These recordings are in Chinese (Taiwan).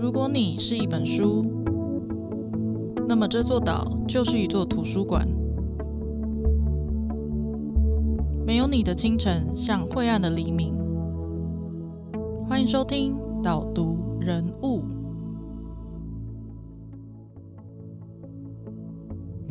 如果你是一本書，那麼這座島就是一座圖書館。沒有你的清晨，像晦暗的黎明。歡迎收聽《島讀人物》。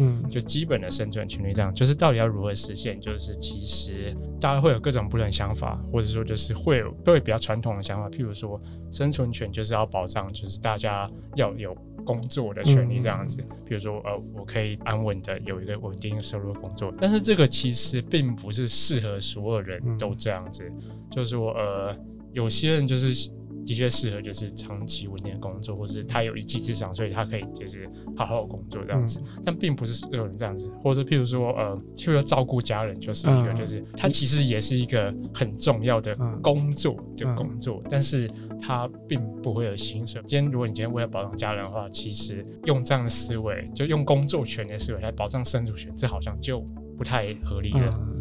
嗯，就基本的生存權利這樣，就是到底要如何實現？就是其實大家會有各種不同的想法，或者說就是會有會比較傳統的想法，譬如說生存權就是要保障，就是大家要有工作的權利這樣子。嗯、譬如說呃，我可以安穩的有一個穩定的收入的工作，但是這個其實並不是適合所有人都這樣子，嗯、就是說呃，有些人就是。的確適合，就是長期穩定的工作，或是他有一技之長，所以他可以就是好好工作這樣子。嗯、但並不是所有人這樣子，或者譬如說，呃，需要照顧家人，就是一個，就是、嗯、他其實也是一個很重要的工作的工作，嗯、但是他並不會有薪水。今天如果你今天為了保障家人的話，其實用這樣的思維，就用工作權的思維來保障生存權，這好像就不太合理了。嗯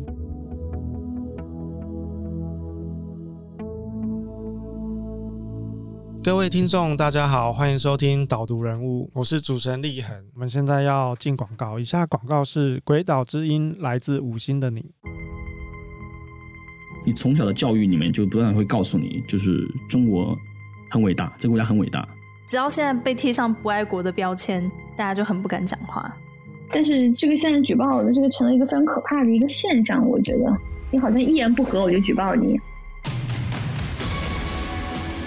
各位聽眾，大家好，歡迎收聽島讀人物，我是主持人立恆。我們現在要進廣告，以下廣告是《鬼島之音》，來自五星的你。你從小的教育裡面就不斷會告訴你，就是中國很偉大，這個國家很偉大。只要現在被貼上不愛國的標籤，大家就很不敢講話。但是這個現在舉報我的這個成了一個非常可怕的一個現象，我覺得你好像一言不合我就舉報你。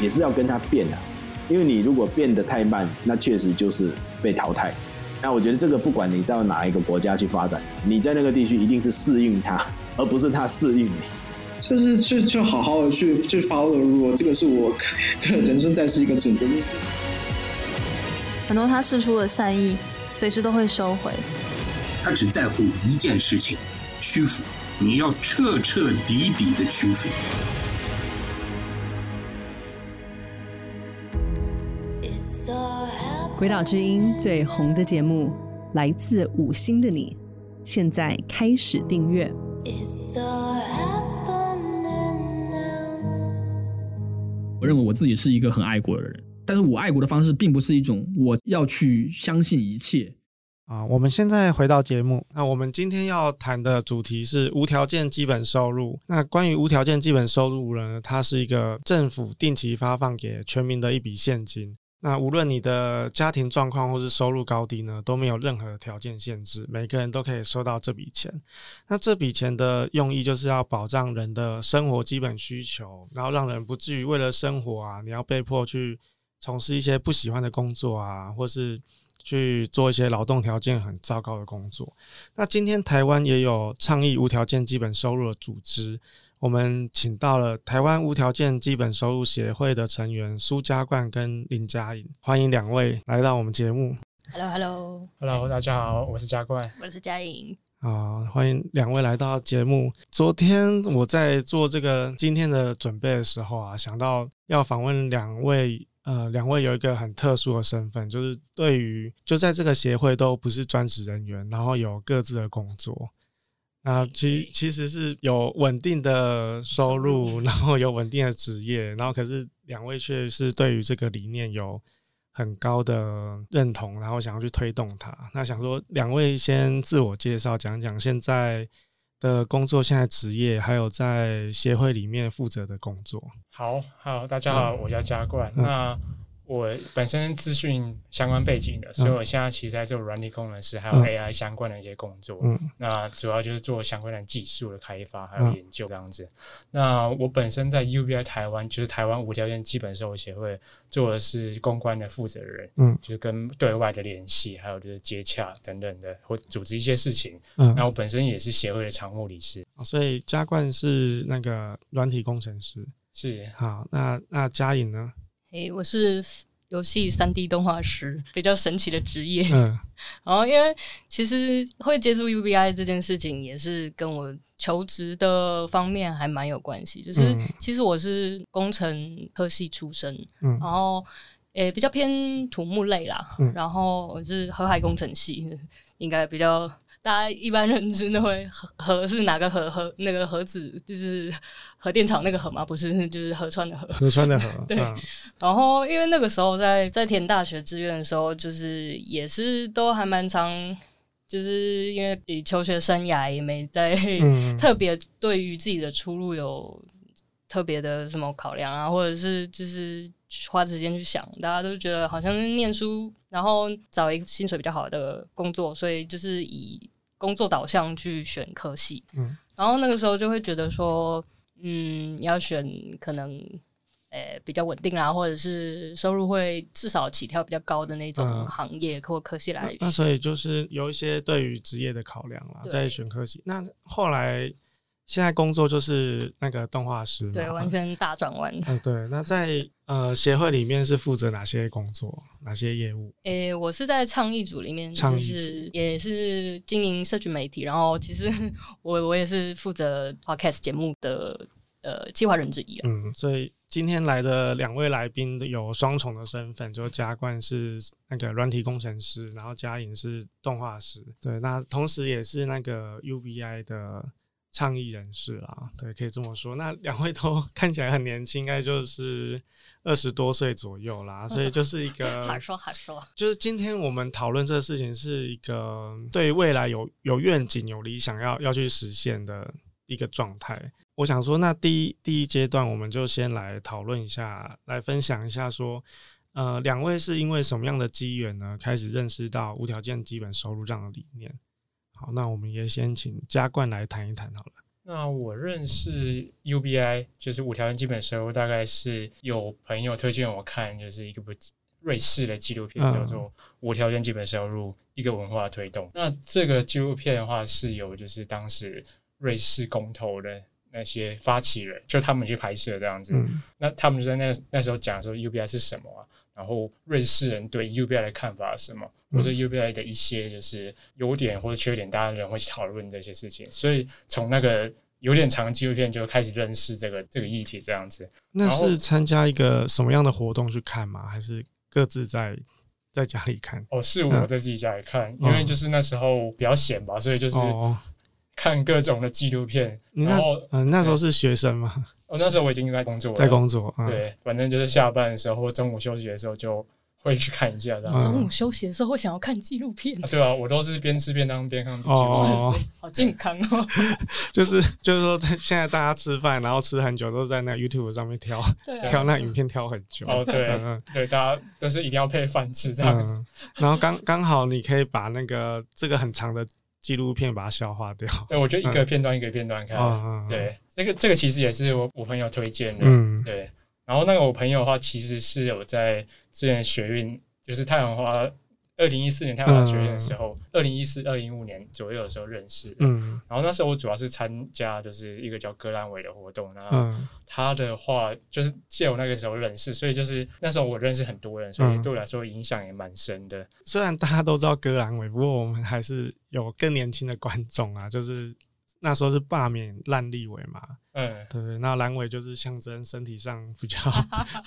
也是要跟他變的啊，因為你如果變得太慢，那確實就是被淘汰。那我覺得這個不管你在哪一個國家去發展，你在那個地區一定是適應他，而不是他適應你。就是去去好好的去去 follow rule，這個是我人生在世一個準則。很多他釋出的善意，隨時都會收回。他只在乎一件事情：屈服。你要徹徹底底的屈服。《回島之音》最紅的節目來自五星的你，現在開始訂閱。It's so happening now. 我認為我自己是一個很愛國的人，但是我愛國的方式並不是一種我要去相信一切啊。我們現在回到節目，那我們今天要談的主題是無條件基本收入。那關於無條件基本收入呢，它是一個政府定期發放給全民的一筆現金。那無論你的家庭狀況或是收入高低呢，都沒有任何條件限制，每個人都可以收到這筆錢。那這筆錢的用意就是要保障人的生活基本需求，然後讓人不至於為了生活啊，你要被迫去從事一些不喜歡的工作啊，或是去做一些勞動條件很糟糕的工作。那今天台灣也有倡議無條件基本收入的組織。我們請到了台灣無條件基本收入協會的成員蘇嘉冠跟林佳穎，歡迎兩位來到我們節目。Hello，Hello，Hello，hello. hello, 大家好，Hi. 我是嘉冠，我是佳穎，好、uh,，歡迎兩位來到節目。昨天我在做這個今天的準備的時候啊，想到要訪問兩位，呃，兩位有一個很特殊的身份，就是對於就在這個協會都不是專職人員，然後有各自的工作。啊，其其實是有穩定的收入，然後有穩定的職業，然後可是兩位確實是對於這個理念有很高的認同，然後想要去推動它。那想說兩位先自我介紹，講講現在的工作、現在職業，還有在協會裡面負責的工作。好，好，大家好，嗯、我叫嘉冠。嗯、那我本身資訊相關背景的，所以我現在其實在做軟體工程師，嗯，還有 AI 相關的一些工作。嗯、那主要就是做相關的技術的開發，還有研究這樣子。嗯、那我本身在 UBI 台灣，就是台灣無條件基本收入協會，做的是公關的負責人。嗯，就是跟對外的聯繫，還有就是接洽等等的，或組織一些事情。嗯，那我本身也是協會的常務理事。嗯、所以嘉冠是那個軟體工程師，是，好。那那佳穎呢？誒、欸，我是遊戲三 D 動畫師，比較神奇的職業。嗯， 然後因為其實會接觸 UBI 這件事情，也是跟我求職的方面還蠻有關係。就是其實我是工程科系出身，嗯、然後誒、欸、比較偏土木類啦，嗯、然後我是河海工程系，應該比較。大家一般認知都會核是哪個核，核那個核子，就是核電廠那個核嘛，不是，就是合川的核。合川的核。 對、嗯。然後，因為那個時候在在填大學志願的時候，就是也是都還蠻常，就是因為比求學生涯也沒在特別對於自己的出路有特別的什麼考量啊、嗯，或者是就是花時間去想，大家都覺得好像是念書。然後找一個薪水比較好的工作，所以就是以工作導向去選科系。嗯，然後那個時候就會覺得說，嗯，要選可能，呃，比較穩定啦，或者是收入會至少起跳比較高的那種行業或者科系來，嗯，那，那所以就是有一些對於職業的考量啦，在選科系。那後來。現在工作就是那個動畫師，對，完全大轉彎。嗯，對。那在呃協會裡面是負責哪些工作，哪些業務？誒、欸，我是在倡議組裡面組，就是也是經營社群媒體。然後其實我我也是負責 podcast 節目的呃企劃人之一。嗯，所以今天來的兩位來賓有雙重的身份，就嘉冠是那個軟體工程師，然後佳穎是動畫師。對，那同時也是那個 UBI 的。倡議人士啦，對，可以這麼說。那兩位都看起來很年輕，應該就是二十多歲左右啦，所以就是一個 好說好說。就是今天我們討論這個事情，是一個對未來有有願景、有理想要要去實現的一個狀態。我想說，那第一第一階段，我們就先來討論一下，來分享一下說，說呃，兩位是因為什麼樣的機緣呢，開始認識到無條件基本收入這樣的理念？好，那我們也先請嘉冠來談一談好了。那我認識 UBI，就是無條件基本收入，大概是有朋友推薦我看，就是一個不瑞士的紀錄片，嗯，叫做《無條件基本收入》，一個文化推動。那這個紀錄片的話，是有就是當時瑞士公投的那些發起人，就他們去拍攝這樣子，嗯。那他們就在那那時候講說 UBI 是什麼啊？然後瑞士人對 UBI 的看法是什麼？或者 UBI 的一些就是優點或者缺點，大家人會討論這些事情。所以從那個有點長的紀錄片就開始認識這個這個議題，這樣子。那是參加一個什麼樣的活動去看嗎？還是各自在在家裡看？哦，是我在自己家裡看，嗯、因為就是那時候比較閒吧，所以就是看各種的紀錄片哦哦。然後那,、嗯、那時候是學生嗎？哦，那時候我已經在工作了，在工作。嗯、對，反正就是下班的時候或中午休息的時候就。會去看一下這、哦，這中午休息的時候會想要看紀錄片、嗯。啊、對啊，我都是邊吃便當邊看紀錄片，好健康哦，哦。哦、就是就是說，現在大家吃飯然後吃很久，都在那 YouTube 上面挑挑、啊、那影片挑很久對、啊、嗯、哦、嗯、對。哦，對對，大家都是一定要配飯吃這樣子、嗯。然後剛剛好，你可以把那個這個很長的紀錄片把它消化掉、嗯。對，我就一個片段一個片段看。嗯、對，這個這個其實也是我我朋友推薦的。嗯，對。然後那個我朋友的話，其實是有在。之前學運就是太陽花，二零一四年太陽花學運的時候，二零一四二零一五年左右的時候認識。嗯，然後那時候我主要是參加就是一個叫割闌尾的活動，然後他的話就是借我那個時候認識、嗯，所以就是那時候我認識很多人，所以對我來說影響也蠻深的。雖然大家都知道割闌尾，不過我們還是有更年輕的觀眾啊，就是。那時候是罷免爛立委嘛？嗯，對。那闌尾就是象徵身體上比較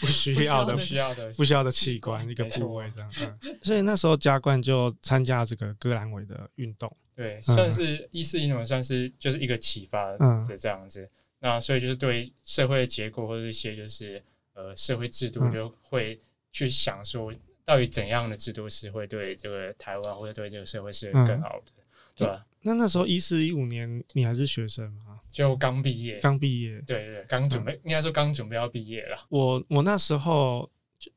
不需要的、 不需要的、不需要的器官一個部位這樣、嗯。所以那時候嘉冠就參加這個割闌尾的運動。對、嗯，算是一四一五算是就是一個啟發的這樣子、嗯。那所以就是對社會的結構或者一些就是呃社會制度就會去想說，到底怎樣的制度是會對這個台灣或者對這個社會是更好的，嗯、對吧？嗯那那時候一四一五年，你還是學生嗎？就剛畢業，剛畢業，對對，對，剛準備、嗯、應該說剛準備要畢業了。我我那時候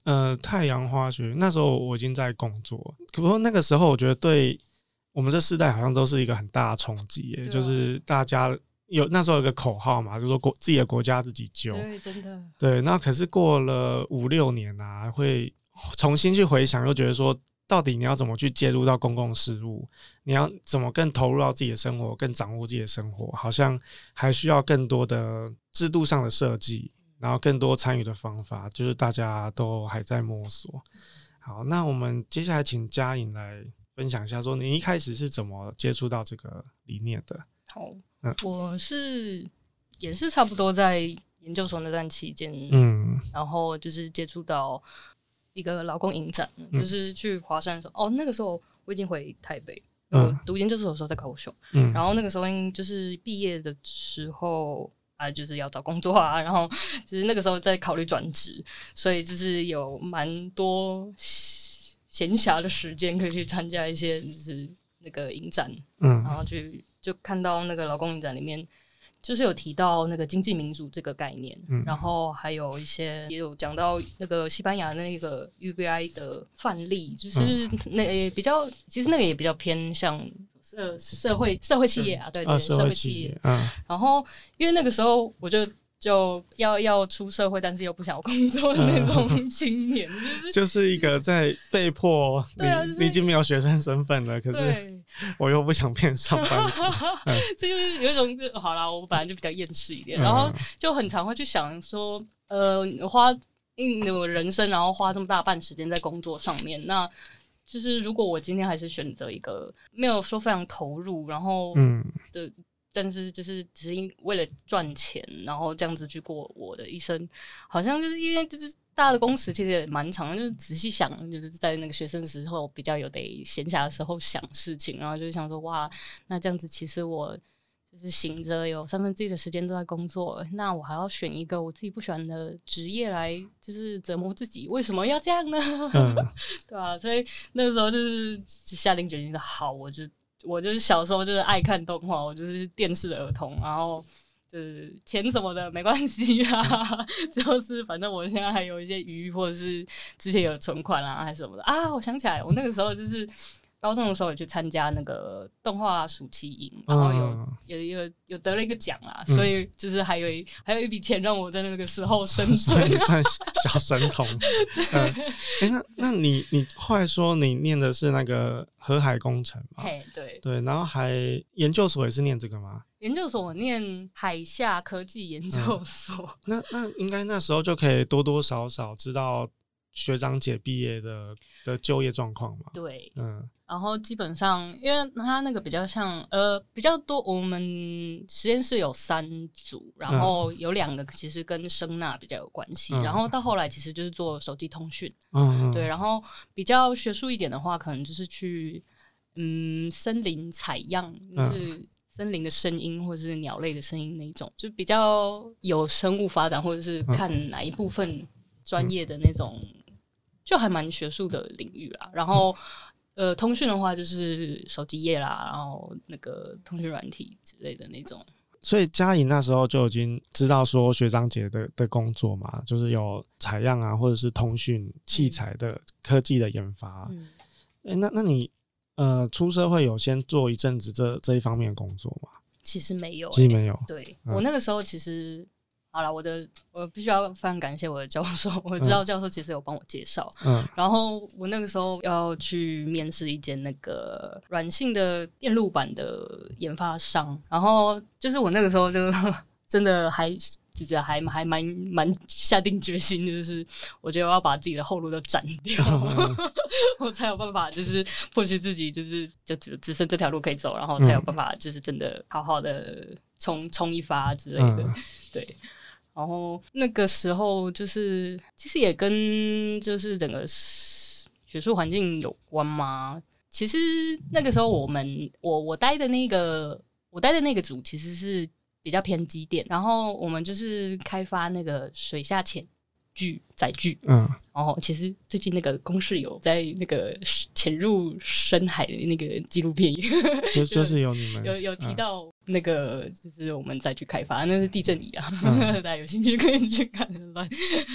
嗯、呃太陽花學那時候我已經在工作，可不過那個時候我覺得對我們這世代好像都是一個很大的衝擊、啊、就是大家有那時候有個口號嘛，就說、是、國自己的國家自己救，對，真的，對。那可是過了五六年啊，會重新去回想，又覺得說，到底你要怎麼去介入到公共事務？你要怎麼更投入到自己的生活，更掌握自己的生活？好像還需要更多的制度上的設計，然後更多參與的方法，就是大家都還在摸索。好，那我們接下來請佳穎來分享一下，說你一開始是怎麼接觸到這個理念的？好，嗯，我是也是差不多在研究所那段期間，嗯，然後就是接觸到。一個勞工影展，就是去華山的時候、嗯，哦，那個時候我已經回台北，嗯、我讀研究生的時候在高雄、嗯，然後那個時候就是畢業的時候啊，就是要找工作啊，然後就是那個時候在考慮轉職，所以就是有蠻多閒暇的時間可以去參加一些就是那個影展、嗯，然後去就，就看到那個勞工影展裡面。就是有提到那個經濟民主這個概念，嗯，然後還有一些也有講到那個西班牙那個 UBI 的範例，就是那也比較其實那個也比較偏向社社會社會，社會企業啊，對，對對，社會企業。然後因為那個時候我就就要要出社會，但是又不想要工作的那種青年，嗯就是，就是一個在被迫李，對 啊，畢竟沒有學生身份了，可是。我又不想變上班族，這、 嗯、就是有一種好啦，我本來就比較厭世一點、嗯，然後就很常會去想說，呃，花因為我人生，然後花這麼大半時間在工作上面，那就是如果我今天還是選擇一個沒有說非常投入，然後的，嗯、但是就是只是為了賺錢，然後這樣子去過我的一生，好像就是因為就是。大的工時其實也蠻長的，就是仔細想，就是在那個學生的時候比較有得閒暇的時候想事情，然後就是想說哇，那這樣子其實我就是醒着有三分之一的時間都在工作，那我還要選一個我自己不喜歡的職業來就是折磨自己，為什麼要這樣呢？嗯、 對吧、啊。所以那個時候就是下定決心的好，我就我就是小時候就是愛看動畫，我就是電視的兒童，然後。就是錢什麼的沒關係啊、嗯， 就是反正我現在還有一些餘，或者是之前有存款啊，還是什麼的啊。我想起來，我那個時候就是高中的時候也去參加那個動畫、啊、暑期營，然後有嗯嗯有有有得了一個獎啊，所以就是還有一還有一筆錢讓我在那個時候生存，嗯，算小神童、 嗯。哎、欸，那那你你後來說你念的是那個河海工程嘛？嘿，對對，然後還研究所也是念這個嗎？研究所，我念海下科技研究所、嗯。那那應該那時候就可以多多少少知道學長姐畢業的的就業狀況嘛？對，嗯。然後基本上，因為他那個比較像，呃，比較多。我們實驗室有三組，然後有兩個其實跟聲呐比較有關係、嗯，然後到後來其實就是做手機通訊。嗯，嗯，對。然後比較學術一點的話，可能就是去嗯森林採樣，就是。嗯森林的聲音，或者是鳥類的聲音，那一種就比較有生物發展，或者是看哪一部分專業的那種，嗯嗯、就還蠻學術的領域啦。然後，嗯、呃，通訊的話就是手機業啦，然後那個通訊軟體之類的那種。所以佳穎那時候就已經知道說學長姐的的工作嘛，就是有採樣啊，或者是通訊器材的、嗯、科技的研發。嗯欸、那那你？呃，出社會有先做一陣子這這一方面的工作嗎？其實沒有、欸，其實沒有。對、嗯、我那個時候，其實好了，我的我必須要非常感謝我的教授，我知道教授其實有幫我介紹。嗯，然後我那個時候要去面試一間那個軟性的電路板的研發商，然後就是我那個時候就真的還。就覺、是、得還蠻還蠻蠻下定決心，就是我覺得我要把自己的後路都斬掉、Oh.， 我才有辦法，就是迫使自己，就是就只只剩這條路可以走，然後才有辦法，就是真的好好的衝衝一發之類的、Oh.。對，然後那個時候就是其實也跟就是整個學術環境有關嘛。其實那個時候我們我我待的那個我待的那個組其實是。比較偏機電，然後我們就是開發那個水下潛具載具，嗯，然後其實最近那個公司有在那個潛入深海的那個紀錄片，就是、就是有你們 有有提到、嗯。那個就是我們再去開發，那是地震儀啊，嗯、 大家有興趣可以去看亂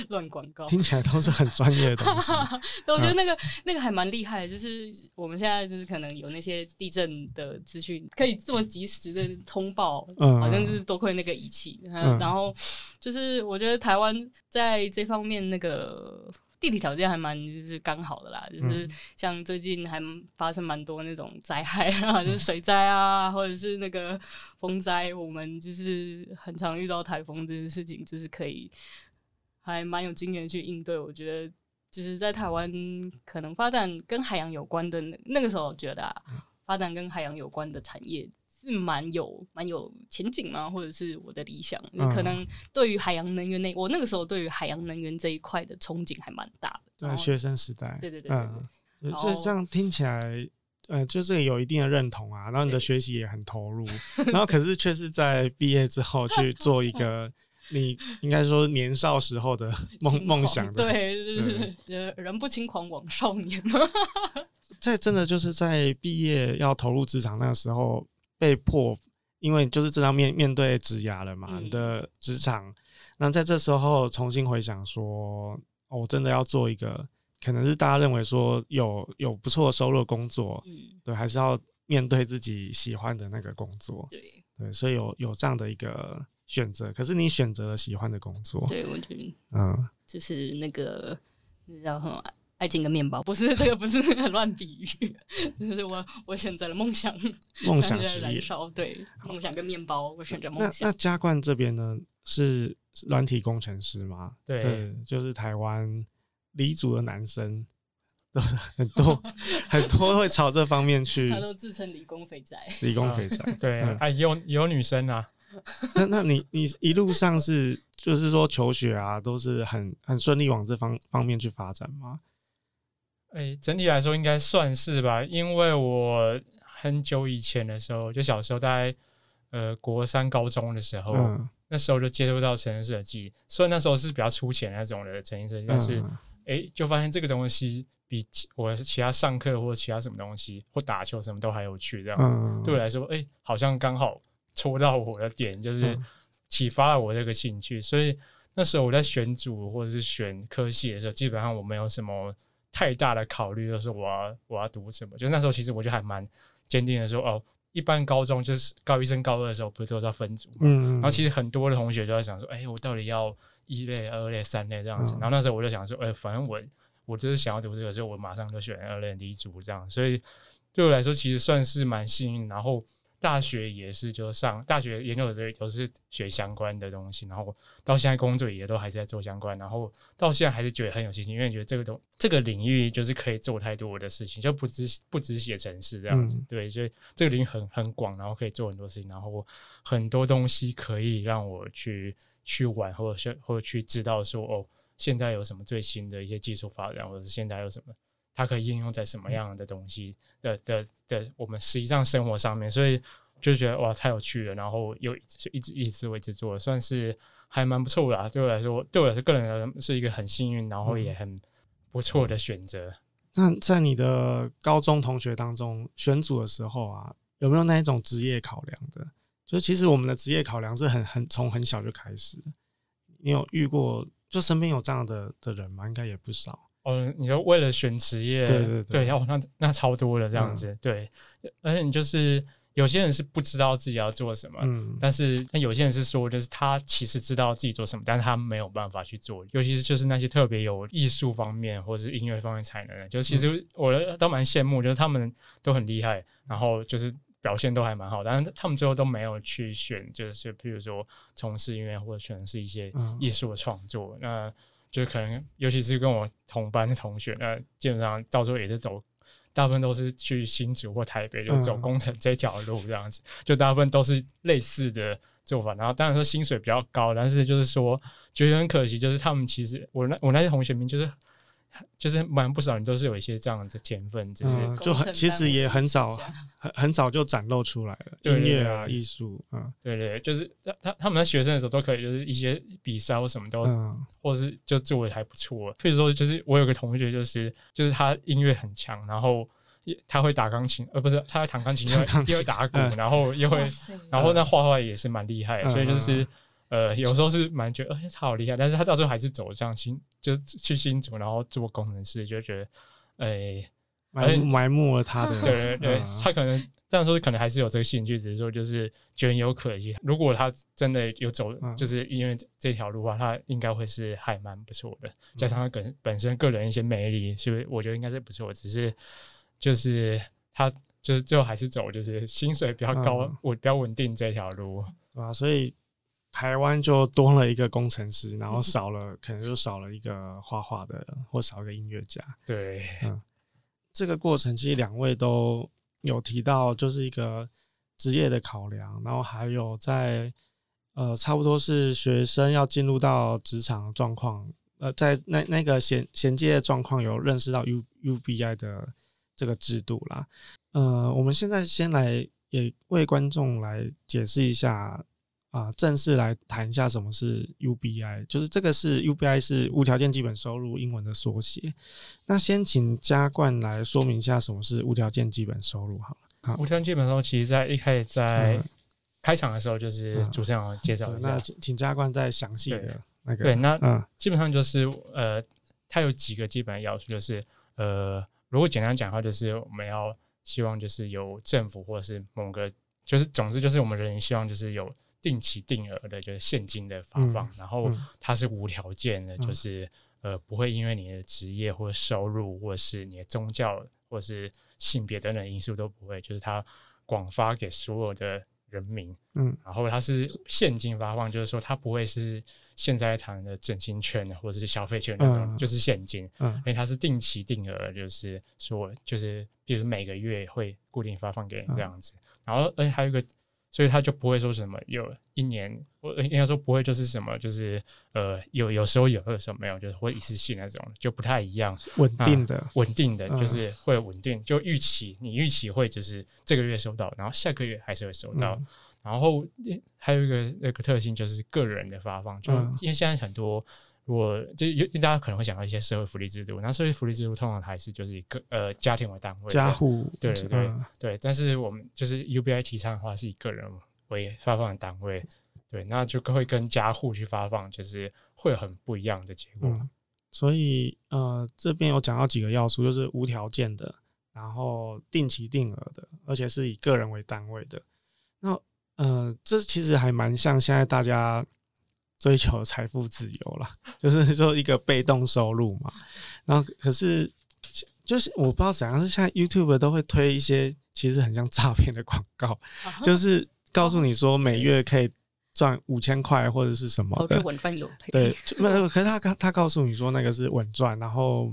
亂廣告。聽起來都是很專業的東西， 我覺得那個、嗯、那個還蠻厲害的，就是我們現在就是可能有那些地震的資訊，可以這麼及時的通報嗯嗯，好像就是多虧那個儀器、啊嗯。然後就是我覺得台灣在這方面那個。地理條件還蠻就是剛好的啦，就是像最近還發生蠻多那種災害啊，就是水災啊，或者是那個風災，我們就是很常遇到颱風這件事情，就是可以還蠻有經驗去應對。我覺得就是在台灣可能發展跟海洋有關的，那個時候我覺得，啊，發展跟海洋有關的產業。是蠻有蠻有前景嘛，或者是我的理想？你可能對於海洋能源那、嗯、我那個時候對於海洋能源這一塊的憧憬還蠻大的。在學生時代，嗯、對，對，對對對，嗯，所以這樣聽起來，呃，就是有一定的認同啊。然後你的學習也很投入，然後可是卻是在畢業之後去做一個， 你應該說年少時候的夢夢想的對對對。對，就是呃，人不輕狂枉少年嘛。 在真的就是在畢業要投入職場那個時候。被迫，因為就是這張面面對職涯了嘛，嗯、你的職場，那在這時候重新回想說、哦，我真的要做一個，可能是大家認為說有有不錯的收入的工作，嗯，對，還是要面對自己喜歡的那個工作，對對，所以有有這樣的一個選擇，可是你選擇了喜歡的工作，對我覺得，嗯，就是那個你知道很愛情跟麵包不是這個，不是這個亂比喻，就是我我選擇了夢想，夢想在燃燒，對，夢想跟麵包，我選擇夢想。那那嘉冠這邊呢，是軟體工程師嗎？嗯、對，對，對，就是台灣理組的男生，都是很多、 就是、很多會朝這方面去，他都自稱理工肥宅，嗯、 理工肥宅，對、嗯、啊，有有女生啊， 那那你你一路上是就是說求學啊，都是很很順利往這方方面去發展嗎？哎、欸，整體來說應該算是吧，因為我很久以前的時候，就小時候在呃國三高中的時候，嗯、那時候就接觸到程式設計，雖然那時候是比較粗淺那種的程式設計，但是哎、嗯欸，就發現這個東西比我其他上課或其他什麼東西或打球什麼都還有趣這樣子，嗯、對我來說，哎、欸，好像剛好戳到我的點，就是啟發了我這個興趣，所以那時候我在選組或者是選科系的時候，基本上我沒有什麼。太大的考慮，就是我要我要讀什麼？就那時候，其實我就還蠻堅定的說，說哦，一般高中就是高一、升高二的時候，不是都在分組嘛、嗯嗯嗯，然後其實很多的同學都在想說，哎、欸，我到底要一類、二類、三類這樣子。然後那時候我就想說，哎、欸，反正我我就是想要讀這個，所以我馬上就選二類第一組這樣。所以對我來說，其實算是蠻幸運。然後。大學也是就，就是上大學、研究的都是學相關的東西，然後到現在工作也都還是在做相關，然後到現在還是覺得很有信心，因為覺得這個東這個領域就是可以做太多的事情，就不止不止寫程式這樣子，嗯，對，所以這個領域很很廣，然後可以做很多事情，然後很多東西可以讓我去去玩，或者或者去知道說哦，現在有什麼最新的一些技術發展，或者是現在有什麼它可以應用在什麼樣的東西的的的我們實際上生活上面，所以。就覺得哇太有趣了，然後又一直、一直一直為之做，算是還蠻不錯的啊。對我來說，對我來說個人而言是一個很幸運，然後也很不錯的選擇，嗯嗯。那在你的高中同學當中選組的時候啊，有沒有那一種職業考量的就其實我們的職業考量是很很從很小就開始。你有遇過就身邊有這樣的的人嗎？應該也不少。嗯、哦，你要為了選職業，對對對，對，要，哦、那那超多的這樣子，嗯。對，而且你就是。有些人是不知道自己要做什麼，嗯，但是那有些人是說，就是他其實知道自己做什麼，但是他沒有辦法去做，尤其是就是那些特別有藝術方面或者是音樂方面才能的人，就其實我都蠻羨慕，就是他們都很厲害，然後就是表現都還蠻好，但是他們最後都沒有去選，就是比如說從事音樂或者選的是一些藝術的創作，嗯，那就可能尤其是跟我同班的同學，那基本上到時候也是走。大部分都是去新竹或台北，就是走工程這條路這樣子，就大部分都是類似的做法。然後當然說薪水比較高，但是就是說覺得很可惜，就是他們其實我那我那些同學們就是。就是蠻不少人都是有一些這樣子的天分，就是、嗯、就很其實也很早很很早就展露出來了，音樂啊、藝術，嗯、對，對對，就是他他們在學生的時候都可以，就是一些比賽或什麼都，嗯，或者是就做得還不錯。譬如說，就是我有個同學，就是就是他音樂很強，然後他會打鋼琴，呃，不是，他會彈鋼琴，又又打鼓、嗯，然後又會，然後那畫畫也是蠻厲害、嗯，所以就是。嗯嗯嗯呃，有時候是蠻覺得，哎、欸，他好厲害，但是他到時候還是走上新，就去新竹，然後做工程師，就覺得，哎、欸，蠻埋，埋沒了他的、啊。對對，對、嗯啊、他可能這樣說，可能還是有這個興趣，只是說就是覺得有可惜。如果他真的有走，嗯、就是因為這條路的話，他應該會是還蠻不錯的，加上他本本身個人一些魅力，是不是？我覺得應該是不錯。只是就是他就是最後還是走，就是薪水比較高，穩、嗯、比較穩定這條路、嗯、啊，所以。台灣就多了一個工程師，然後少了可能就少了一個畫畫的，或少一個音樂家。對、嗯，這個過程其實兩位都有提到，就是一個職業的考量，然後還有在呃差不多是學生要進入到職場的狀況，呃，在那那個銜銜接的狀況，有認識到 U UBI 的這個制度啦。呃，我們現在先來也為觀眾來解釋一下。啊，正式來談一下什麼是 UBI，就是這個是 UBI 是無條件基本收入英文的縮寫。那先請嘉冠來說明一下什麼是無條件基本收入，好了。啊、無條件基本收入，其實在一開始在開場的時候就是主持人介紹、嗯啊，那請嘉冠再詳細的、那個、對，對，那基本上就是呃，它有幾個基本要素，就是呃，如果簡單講的話，就是我們要希望就是由政府或者是某個，就是總之就是我們人希望就是有。定期定額的就是現金的發放，嗯、然後它是無條件的，嗯、就是呃不會因為你的職業或收入，或是你的宗教或是性別等等因素都不會，就是它廣發給所有的人民。嗯，然後它是現金發放，就是說它不會是現在談的振興券或者是消費券那種、嗯，就是現金，因、嗯、為它是定期定額、就是，就是說就是比如每個月會固定發放給你這樣子，嗯、然後而且還有一個。所以他就不會說什麼有一年，我應該說不會，就是什麼就是呃有有時候有，有時候沒有，就是會一次性那種就不太一樣，嗯、穩定的，穩定的，就是會穩定，就預期你預期會就是這個月收到，然後下個月還是會收到，嗯、然後還有一個那個特性就是個人的發放，就因為現在很多。我就因為大家可能會想到一些社會福利制度，那社會福利制度通常還是就是以個呃家庭為單位的，家戶對對對，嗯、對，但是我們就是 UBI 提倡的話是以個人為發放的單位，對，那就會跟家戶去發放，就是會有很不一樣的結果。嗯、所以呃這邊有講到幾個要素，就是無條件的，然後定期定額的，而且是以個人為單位的。那呃這其實還蠻像現在大家。追求財富自由了，就是做一個被動收入嘛。然後可是就是我不知道怎樣，是像 YouTube 都會推一些其實很像詐騙的廣告，uh -huh. 就是告訴你說每月可以賺五千塊或者是什麼的。uh -huh. 對哦是有，對，對，可是他他告訴你說那個是穩賺，然後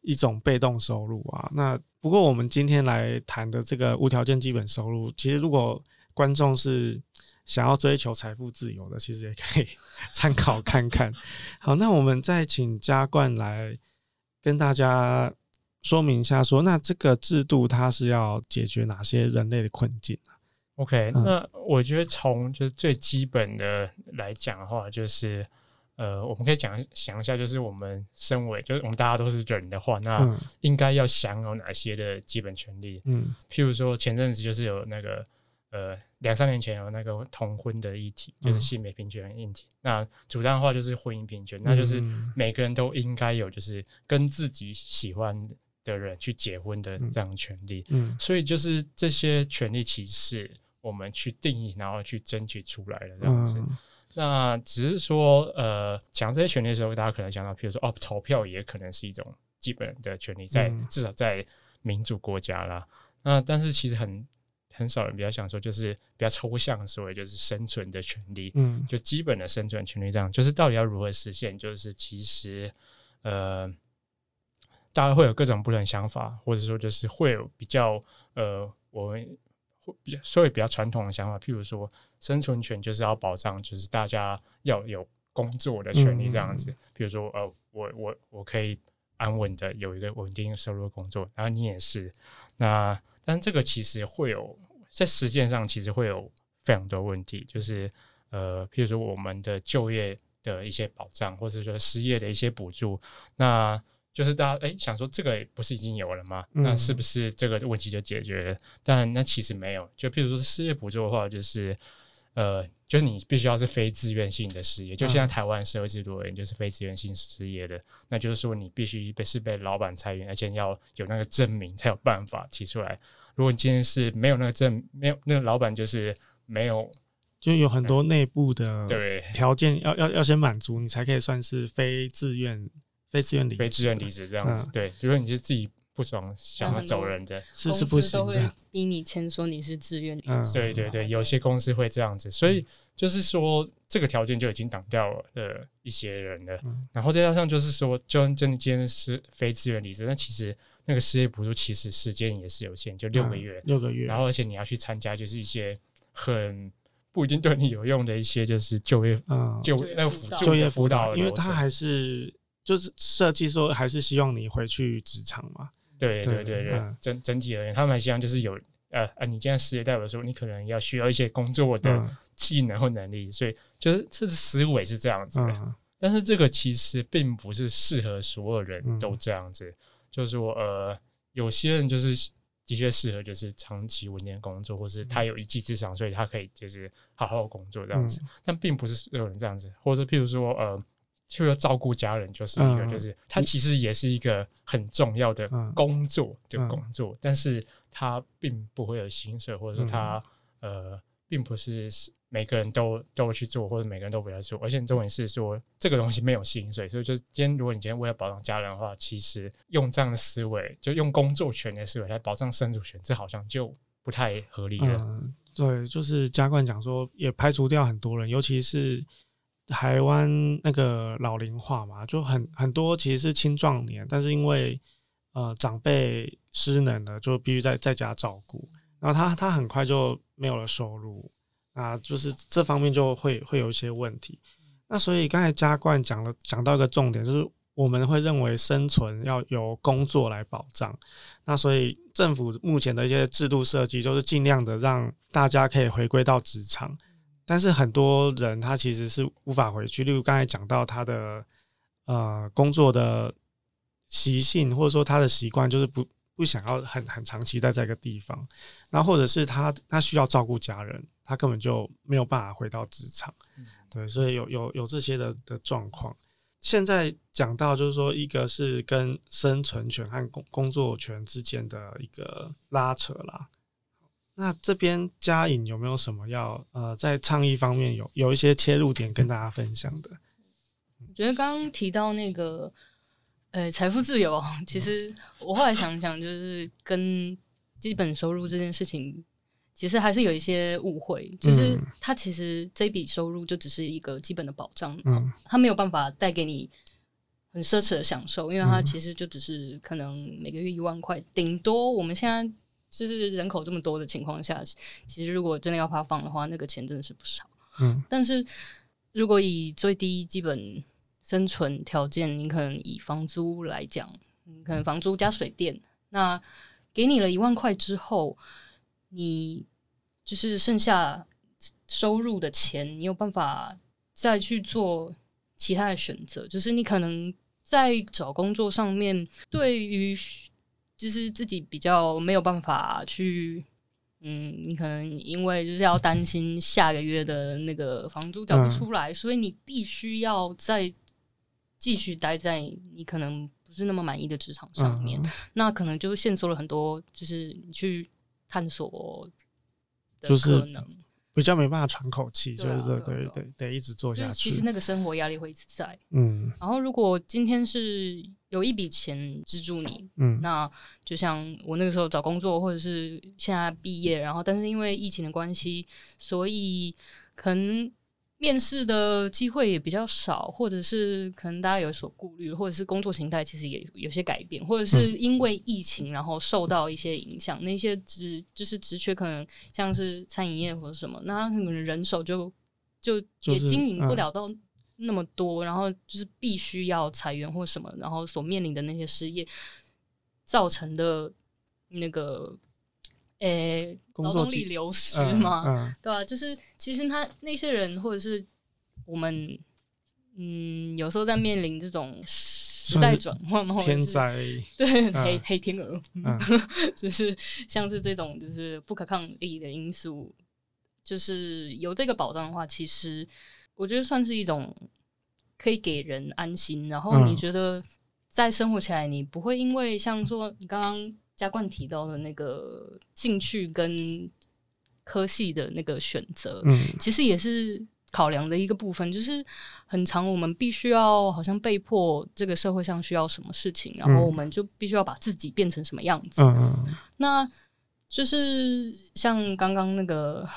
一種被動收入啊。那不過我們今天來談的這個無條件基本收入，其實如果觀眾是。想要追求財富自由的，其實也可以參考看看。好，那我們再請嘉冠來跟大家說明一下說，說那這個制度它是要解決哪些人類的困境啊？OK，嗯，那我覺得從就是最基本的來講的話，就是呃，我們可以講想一下，就是我們身為就是我們大家都是人的話，那應該要享有哪些的基本權利？嗯，譬如說前陣子就是有那個。呃，兩三年前有那個同婚的議題，就是性別平權和議題。嗯、那主張的話就是婚姻平權，嗯、那就是每個人都應該有，就是跟自己喜歡的人去結婚的這樣的權利。嗯，所以就是這些權利其實是我們去定義，然後去爭取出來的這樣子。嗯、那只是說，呃，講這些權利的時候，大家可能想到，比如說哦，投票也可能是一種基本的權利在，在、嗯、至少在民主國家啦。那但是其實很。很少人比較想說，就是比較抽象，所謂就是生存的權利，嗯，就基本的生存權利這樣，就是到底要如何實現？就是其實，呃，大家會有各種不同的想法，或者說就是會有比較呃，我們比較所謂比較傳統的想法，譬如說生存權就是要保障，就是大家要有工作的權利這樣子。比、嗯嗯嗯、如說呃，我我我可以安穩的有一個穩定收入的工作，然後你也是那。但這個其實會有，在實踐上其實會有非常多問題，就是呃，譬如說我們的就業的一些保障，或者說失業的一些補助，那就是大家哎、欸、想說，這個不是已經有了嗎？那是不是這個問題就解決了？嗯、但那其實沒有，就譬如說失業補助的話，就是呃。就是你必須要是非自願性的失業，就現在台灣社會制度而言，嗯、就是非自願性失業的，那就是說你必須被是被老板裁員，而且要有那個證明才有辦法提出來。如果你今天是沒有那個證明，沒有那個老板就是沒有，就有很多內部的對條件要、嗯、要要先滿足，你才可以算是非自願非自願離非自願離職這樣子。嗯、對，比如說你是自己。不爽想要走人的，是是不公司都會逼你簽，說你是自願離職。對對對，對，有些公司會這樣子。所以就是說，這個條件就已經擋掉了一些人了。嗯、然後再加上就是說，就算今天是非自願離職，那其實那個失業補助其實時間也是有限，就六個月，嗯，六個月。然後而且你要去參加，就是一些很不一定對你有用的一些，就是就業，嗯，就那個就業輔導的，因為他還是就是設計說，還是希望你回去職場嘛。對對對對，對嗯、整整體而言，他們還希望就是有呃、啊、你現在事業代，代表的時候，你可能要需要一些工作的技能或能力，嗯、所以就，就這是這個思維是這樣子的、嗯。但是這個其實並不是適合所有人都這樣子，嗯、就是說呃，有些人就是的確適合就是長期穩定工作，或是他有一技之長，所以他可以就是好好工作這樣子、嗯。但並不是所有人這樣子，或者譬如說呃。就要照顧家人，就是一個，就是他其實也是一個很重要的工作的工作，但是他並不會有薪水，或者是他呃，並不是每個人都都去做，或者每個人都不要做。而且重點是說，這個東西沒有薪水，所以就今天如果你今天為了保障家人的話，其實用這樣的思維，就用工作權的思維來保障生存權，這好像就不太合理了、嗯。對，就是嘉冠講說，也排除掉很多人，尤其是。台灣那個老齡化嘛，就很很多其實是青壯年，但是因為呃長輩失能了，就必須在在家照顧，然後他他很快就沒有了收入啊，那就是這方面就會會有一些問題。那所以剛才嘉冠講了，講到一個重點，就是我們會認為生存要由工作來保障。那所以政府目前的一些制度設計，就是盡量的讓大家可以回歸到職場。但是很多人他其實是無法回去，例如剛才講到他的呃工作的習性，或者說他的習慣，就是不不想要很很長期待在一個地方，那或者是他他需要照顧家人，他根本就沒有辦法回到職場。嗯，對，所以有有有這些的的狀況。現在講到就是說，一個是跟生存權和工工作權之間的一個拉扯啦。那這邊佳穎有沒有什麼要呃在倡議方面有有一些切入點跟大家分享的？我覺得剛剛提到那個呃財富自由，其實我後來想想，就是跟基本收入這件事情，其實還是有一些誤會。就是它其實這筆收入就只是一個基本的保障，嗯，它沒有辦法帶給你很奢侈的享受，因為它其實就只是可能每個月一萬塊，頂多我們現在。就是人口這麼多的情況下，其實如果真的要發放的話，那個錢真的是不少。嗯，但是如果以最低基本生存條件，你可能以房租來講，可能房租加水電，那給你了一萬塊之後，你就是剩下收入的錢，你有辦法再去做其他的選擇，就是你可能在找工作上面，對於。就是自己比較沒有辦法去，嗯，你可能因為就是要擔心下個月的那個房租繳不出來，嗯，所以你必須要再繼續待在你可能不是那麼滿意的職場上面，嗯，那可能就限縮了很多，就是你去探索的可能。就是比較沒辦法喘口氣、啊，就是這個對，對，對對對得，得一直做下去。就是、其實那個生活壓力會一直在，嗯。然後如果今天是有一筆錢資助你，嗯，那就像我那個時候找工作，或者是現在畢業，然後但是因為疫情的關係，所以可能。面試的機會也比較少，或者是可能大家有所顧慮，或者是工作形態其實也有些改變，或者是因為疫情然後受到一些影響、嗯，那些職就是職缺可能像是餐飲業或者什麼，那他可能人手就就也經營不了到那麼多，就是嗯、然後就是必須要裁員或什麼，然後所面臨的那些失業造成的那個。呃、欸，勞動力流失嘛，工作嗯嗯、對吧、啊？就是其實他那些人，或者是我們，嗯，有時候在面臨這種時代轉換嘛，天災對、嗯、黑黑天鵝，嗯、 就是像是這種就是不可抗力的因素，就是有這個保障的話，其實我覺得算是一種可以給人安心。然後你覺得在生活起來，你不會因為像說你剛剛，嘉冠提到的那個興趣跟科系的那個選擇，嗯，其實也是考量的一個部分。就是很常，我們必須要好像被迫這個社會上需要什麼事情，然後我們就必須要把自己變成什麼樣子。嗯，那就是像剛剛那個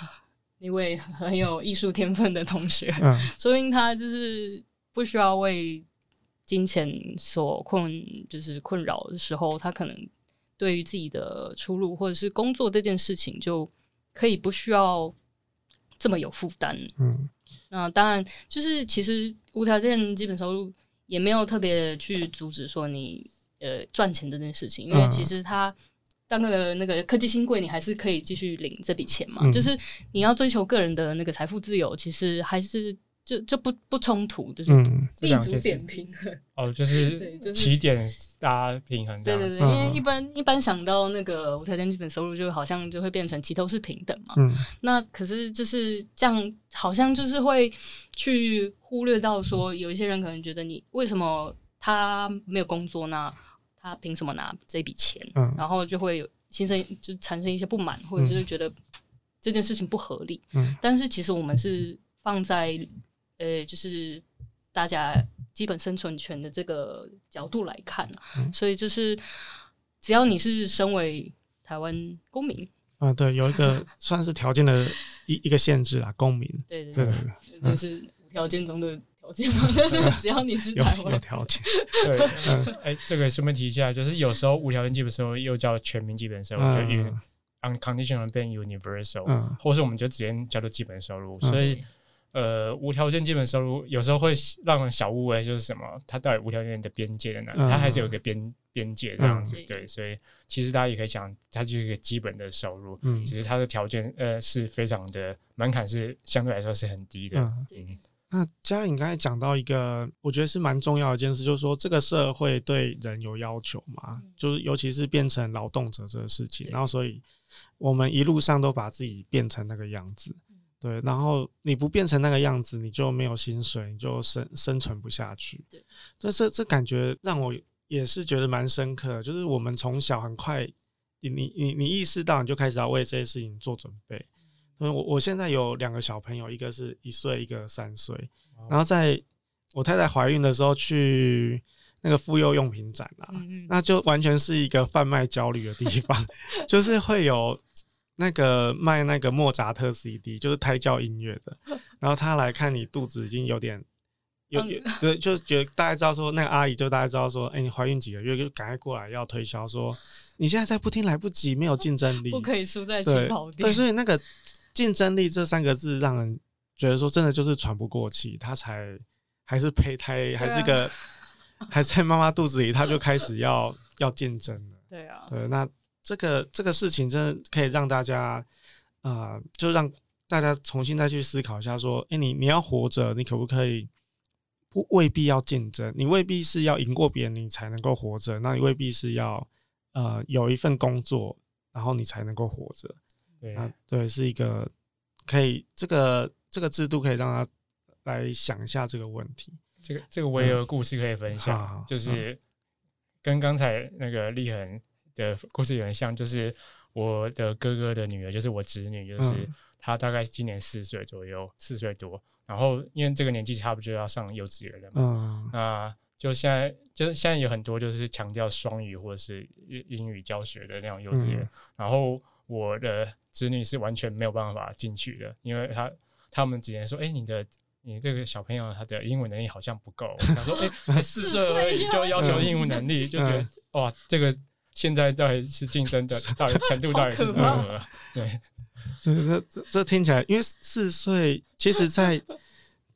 一位很有藝術天分的同學，嗯，說明他就是不需要為金錢所困，就是困擾的時候，他可能。對於自己的出路或者是工作這件事情，就可以不需要這麼有負擔。嗯，那當然就是其實無條件基本收入也沒有特別去阻止說你呃賺錢這件事情，因為其實他當個那個科技新貴，你還是可以繼續領這筆錢嘛。嗯、就是你要追求個人的那個財富自由，其實還是。就就不不衝突，就是立足點平衡、嗯、哦，就是、 就是、起點大家平衡這樣子，對對對，因為一般嗯嗯一般想到那個無條件基本收入，就好像就會變成齊頭式平等嘛，嗯，那可是就是這樣，好像就是會去忽略到說，嗯、有一些人可能覺得你為什麼他沒有工作呢？他憑什麼拿這筆錢？嗯，然後就會有心生就產生一些不滿，或者是覺得這件事情不合理。嗯，但是其實我們是放在。呃、欸，就是大家基本生存權的這個角度來看，啊嗯，所以就是只要你是身為台灣公民，嗯，對，有一個算是條件的一 一個限制啊，公民，對對對，就，嗯、是條件中的條件，是，嗯、只要你是台灣的條件，對，哎，嗯欸，這個順便提一下，就是有時候無條件基本收入又叫全民基本收入，嗯、就 unconditional 變 universal，嗯、或是我們就直接叫做基本收入，嗯、所以。嗯呃，無條件基本收入有時候會讓人小誤會，就是什麼？它到底無條件的邊界在哪、嗯？它還是有一個邊邊界的這樣子、嗯、對？所以其實大家也可以講，它就是一個基本的收入，嗯，其實它的條件呃是非常的門檻是相對來說是很低的。嗯，嗯那佳穎剛才講到一個，我覺得是蠻重要的一件事，就是說這個社會對人有要求嘛，嗯、就是尤其是變成勞動者這個事情，然後所以我們一路上都把自己變成那個樣子。對，然後你不變成那個樣子，你就沒有薪水，你就生生存不下去。對，這這這感覺讓我也是覺得蠻深刻，就是我們從小很快，你你你你意識到，你就開始要為這些事情做準備。嗯，所以我我現在有兩個小朋友，一個是一歲，一個三歲。哦，然後在我太太懷孕的時候去那個婦幼用品展啦，啊，嗯嗯，那就完全是一個販賣焦慮的地方， 就是會有。那個賣那個莫扎特 CD 就是胎教音樂的，然後他來看你肚子已經有點有，嗯、有點，對，就是覺得大家知道說那個阿姨就大家知道說，哎、欸，你懷孕幾個月就趕快過來要推銷說，你現在再不聽來不及，沒有競爭力，不可以輸在起跑點。對，所以那個競爭力這三個字讓人覺得說真的就是喘不過氣，他才還是胚胎，還是一個、啊、還在媽媽肚子裡，他就開始要 要競爭了。對啊，對那。這個這個事情真的可以讓大家啊、呃，就讓大家重新再去思考一下，說：哎、欸，你你要活着，你可不可以不未必要競爭？你未必是要贏過別人，你才能夠活着。那你未必是要啊、呃，有一份工作，然後你才能夠活着。對啊，對，是一個可以這個這個制度可以讓他來想一下這個問題。這個這個我也有故事可以分享，嗯、就是跟剛才那個立恆。的故事有點像，就是我的哥哥的女兒，就是我侄女，就是她大概今年四歲左右，嗯、四歲多。然後因為這個年紀差不多要上幼稚園了嘛、嗯，那就現在就是現在有很多就是強調雙語或者是英英語教學的那種幼稚園、嗯。然後我的侄女是完全沒有辦法進去的，因為她他，他們之前說：“哎、欸，你的你這個小朋友她的英文能力好像不夠。嗯”他說：“哎、欸，才四歲而已，就要求英文能力，嗯、就覺得、嗯嗯、哇，這個。”現在到底是競爭的到底程度到底是如何？了、嗯？對，這這這聽起來，因為四歲，其實在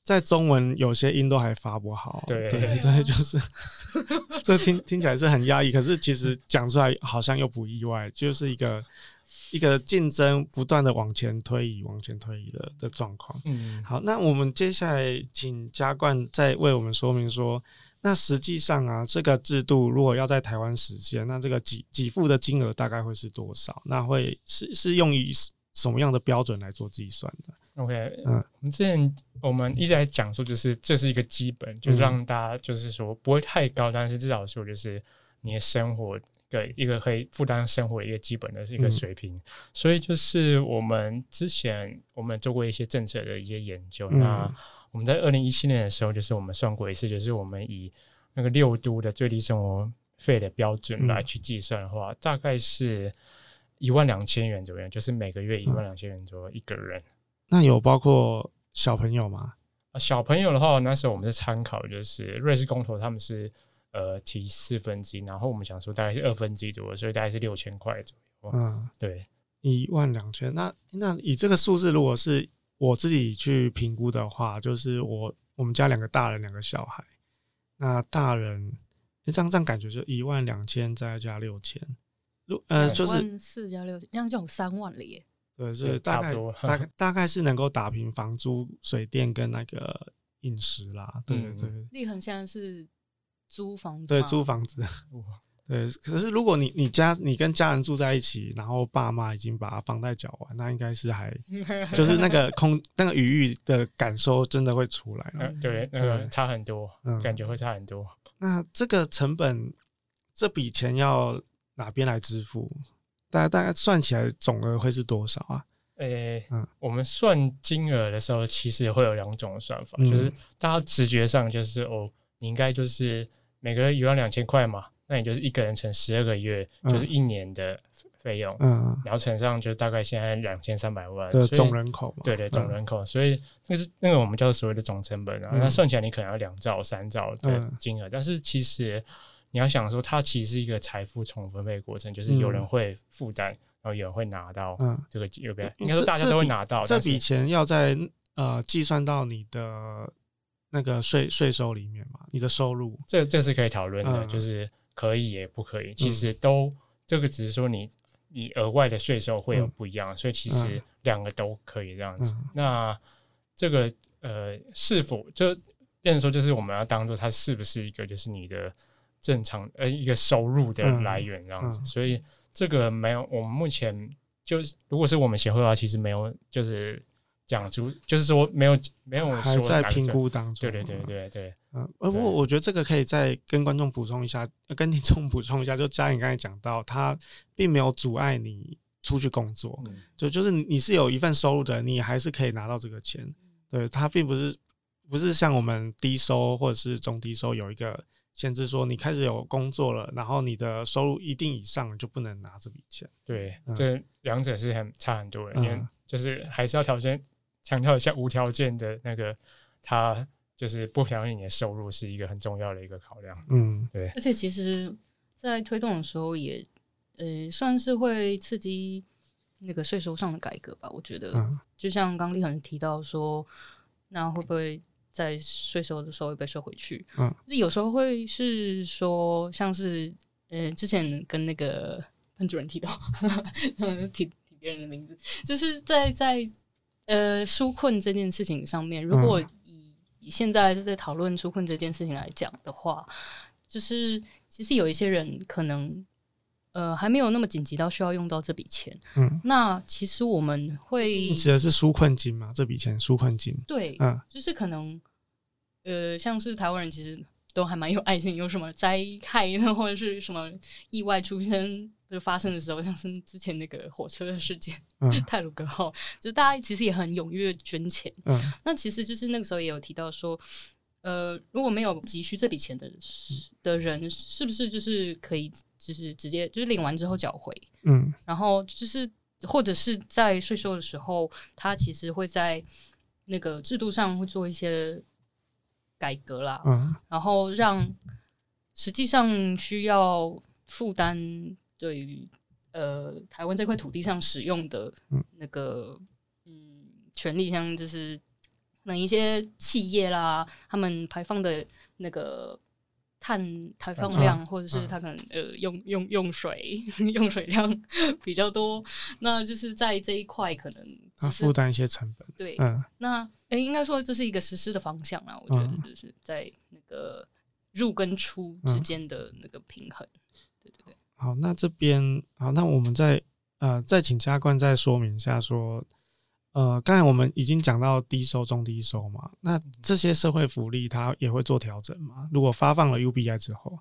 在中文有些音都還發不好。對對對，就是 這聽聽起來是很壓抑，可是其實講出來好像又不意外，就是一個一個競爭不斷的往前推移、往前推移的的狀況。嗯，好，那我們接下來請嘉冠再為我們說明說。那實際上啊，這個制度如果要在台灣實現，那這個給給付的金額大概會是多少？那會是是用於什麼樣的標準來做計算的？OK，嗯，我們之前我們一直在講說，就是這是一個基本、嗯，就讓大家就是說不會太高，但是至少說就是你的生活。對，一個可以負擔生活的一個基本的一個水平、嗯，所以就是我們之前我們做過一些政策的一些研究。嗯、那我們在二零一七年的時候，就是我們算過一次，就是我們以那個六都的最低生活費的標準來去計算的話、嗯，大概是一萬兩千元左右，就是每個月一萬兩千元左右一個人、嗯。那有包括小朋友嗎？啊，小朋友的話，那時候我們是參考，就是瑞士公投他們是。呃，提四分之一，然後我們想說大概是二分之一左右，所以大概是六千塊左右。嗯，對，一萬兩千。那那以這個數字，如果是我自己去評估的話，就是我我們家兩個大人，兩個小孩，那大人這樣這樣感覺就一萬兩千再加六千，如呃就是萬四加六千，這樣就有三萬了耶。對，就是大概差不多大概 大概是能夠打平房租、水電跟那個飲食啦。對對，對，對，對。立恆現在是。租房子、啊、對，租房子 對。可是如果你你家你跟家人住在一起，然後爸媽已經把房貸繳完，那應該是還 就是那個空那個餘裕的感受真的會出來。嗯嗯、對，那個差很多、嗯，感覺會差很多。那這個成本，這筆錢要哪邊來支付？大概大概算起來總額會是多少啊？誒、欸，嗯，我們算金額的時候其實會有兩種算法、嗯，就是大家直覺上就是哦，你應該就是。每個月一萬兩千塊嘛，那你就是一個人乘十二個月、嗯，就是一年的費用。嗯，然後乘上就大概現在兩千三百萬。嗯、對總人口嘛，對對，對、嗯、總人口，所以那個是那個我們叫做所謂的總成本啊、嗯。那算起來你可能要兩兆三兆的金額、嗯，但是其實你要想說，它其實是一個財富重分配過程，就是有人會負擔，然後有人會拿到這個金額、嗯嗯。應該說大家都會拿到、嗯、這筆錢，要再呃計算到你的。那個稅稅收裡面嘛，你的收入，這這是可以討論的、嗯，就是可以也不可以，其實都、嗯、這個只是說你你額外的稅收會有不一樣、嗯，所以其實兩個都可以這樣子。嗯、那這個呃，是否就變成說，就是我們要當做它是不是一個就是你的正常呃一個收入的來源這樣子？嗯嗯、所以這個沒有，我們目前就是如果是我們協會的話，其實沒有就是。講出就是說沒有沒有還在評估當中，對對對對對，嗯，呃，不過我覺得這個可以再跟觀眾補充一下，呃、跟聽眾補充一下，就佳穎剛才講到，他並沒有阻礙你出去工作，嗯、就就是你是有一份收入的，你還是可以拿到這個錢，對，它並不是不是像我們低收或者是中低收有一個限制，說你開始有工作了，然後你的收入一定以上就不能拿這筆錢，對，嗯、這兩者是很差很多的，嗯、就是還是要條件強調一下無條件的那個，他就是不想要你的收入是一個很重要的一個考量，嗯，對。而且其實，在推動的時候也，呃，算是會刺激那個稅收上的改革吧。我覺得，嗯，就像剛立恆提到說，那會不會在稅收的時候會被收回去？嗯，那有時候會是說，像是呃，之前跟那個班主任提到，呵呵提提別人的名字，就是在在。呃，紓困這件事情上面，如果以以現在就在討論紓困這件事情來講的話，就是其實有一些人可能呃還沒有那麼緊急到需要用到這筆錢。嗯，那其實我們會你指的是紓困金嗎？這筆錢，紓困金。對，嗯，就是可能呃，像是台灣人其實都還蠻有愛心，有什麼災害呢，或者是什麼意外出現。就發生的時候，像是之前那個火車的事件，嗯、太魯閣號，就大家其實也很踴躍捐錢、嗯。那其實就是那個時候也有提到說，呃，如果沒有急需這筆錢的的人，是不是就是可以就是直接就是領完之後繳回？嗯，然後就是或者是在稅收的時候，他其實會在那個制度上會做一些改革啦。嗯、然後讓實際上需要負擔。對於呃，臺灣這塊土地上使用的那個嗯，嗯，權利，像就是可能一些企業啦，他們排放的那個碳排放量，嗯，或者是他可能、嗯、呃用用用水用水量比較多，那就是在這一塊可能他負擔一些成本。對，嗯，那哎、欸，應該說這是一個實施的方向啦，我覺得就是在那個入跟出之間的那個平衡。嗯好，那這邊好，那我們再呃再請嘉冠再說明一下說，說呃剛才我們已經講到低收中低收嘛，那這些社會福利它也會做調整嗎？如果發放了 UBI 之後，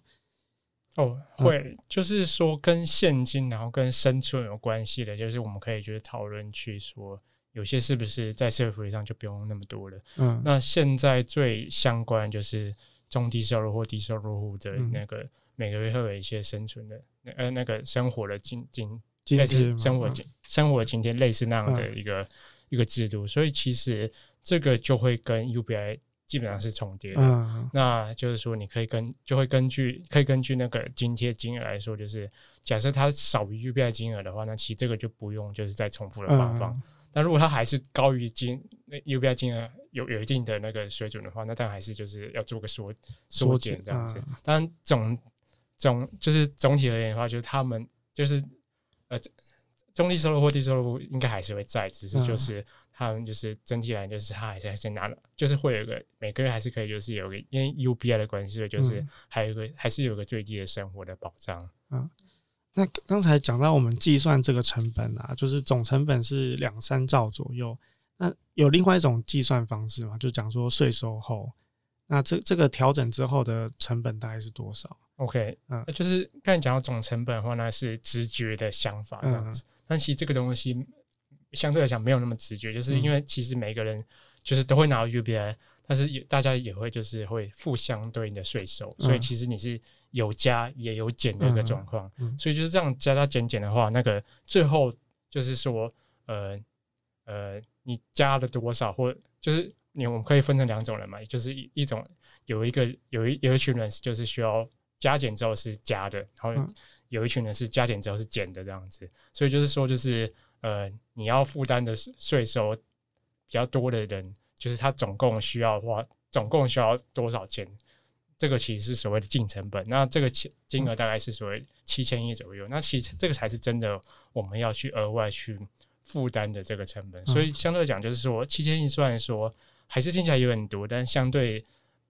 哦會、嗯，就是說跟現金，然後跟生存有關係的，就是我們可以就是討論去說，有些是不是在社會福利上就不用那麼多了。嗯，那現在最相關就是。中低收入或低收入戶的那個每個月會有一些生存的，嗯、呃，那個生活的津津，類似生活津生活津貼，類似那樣的一個、嗯、一個制度，所以其實這個就會跟 UBI 基本上是重疊的、嗯嗯嗯。那就是說，你可以根，就會根據可以根據那個津貼金額來說，就是假設它少於 UBI 金額的話，那其實這個就不用就是再重複的發放，放。嗯嗯但如果他還是高於金那 UBI 金額有有一定的那個水準的話，那當然還是就是要做個縮縮減這樣子。當然、啊、總總就是總體而言的話，就是他們就是呃中低收入或低收入應該還是會在，只是就是他們就是整體來就是他還是還是拿了、啊，就是會有個每個月還是可以就是有一個因為 UBI 的關係就是還有一個、嗯、還是有一個最低的生活的保障，嗯、啊。那剛才講到我們計算這個成本啊，就是總成本是兩三兆左右。那有另外一種計算方式嘛？就講說稅收後，那這這個調整之後的成本大概是多少？OK，嗯，呃、就是剛才講到總成本的話，那是直覺的想法這樣子。嗯、但其實這個東西相對來講沒有那麼直覺，就是因為其實每個人就是都會拿到 UBI，、嗯、但是也大家也會就是會負相對應的稅收，所以其實你是。嗯有加也有減的一個狀況，所以就是這樣加加減減的話，那個最後就是說，呃呃，你加了多少或就是你我們可以分成兩種人嘛，就是一一種有一個有一有一群人是就是需要加減之後是加的，然後有一群人是加減之後是減的這樣子，所以就是說就是呃你要負擔的稅收比較多的人，就是他總共需要花總共需要多少錢。這個其實是所謂的淨成本，那這個金額大概是所謂七千億左右，那其實這個才是真的我們要去額外去負擔的這個成本，所以相對來講，就是說七千億雖然說還是聽起來有點多，但相對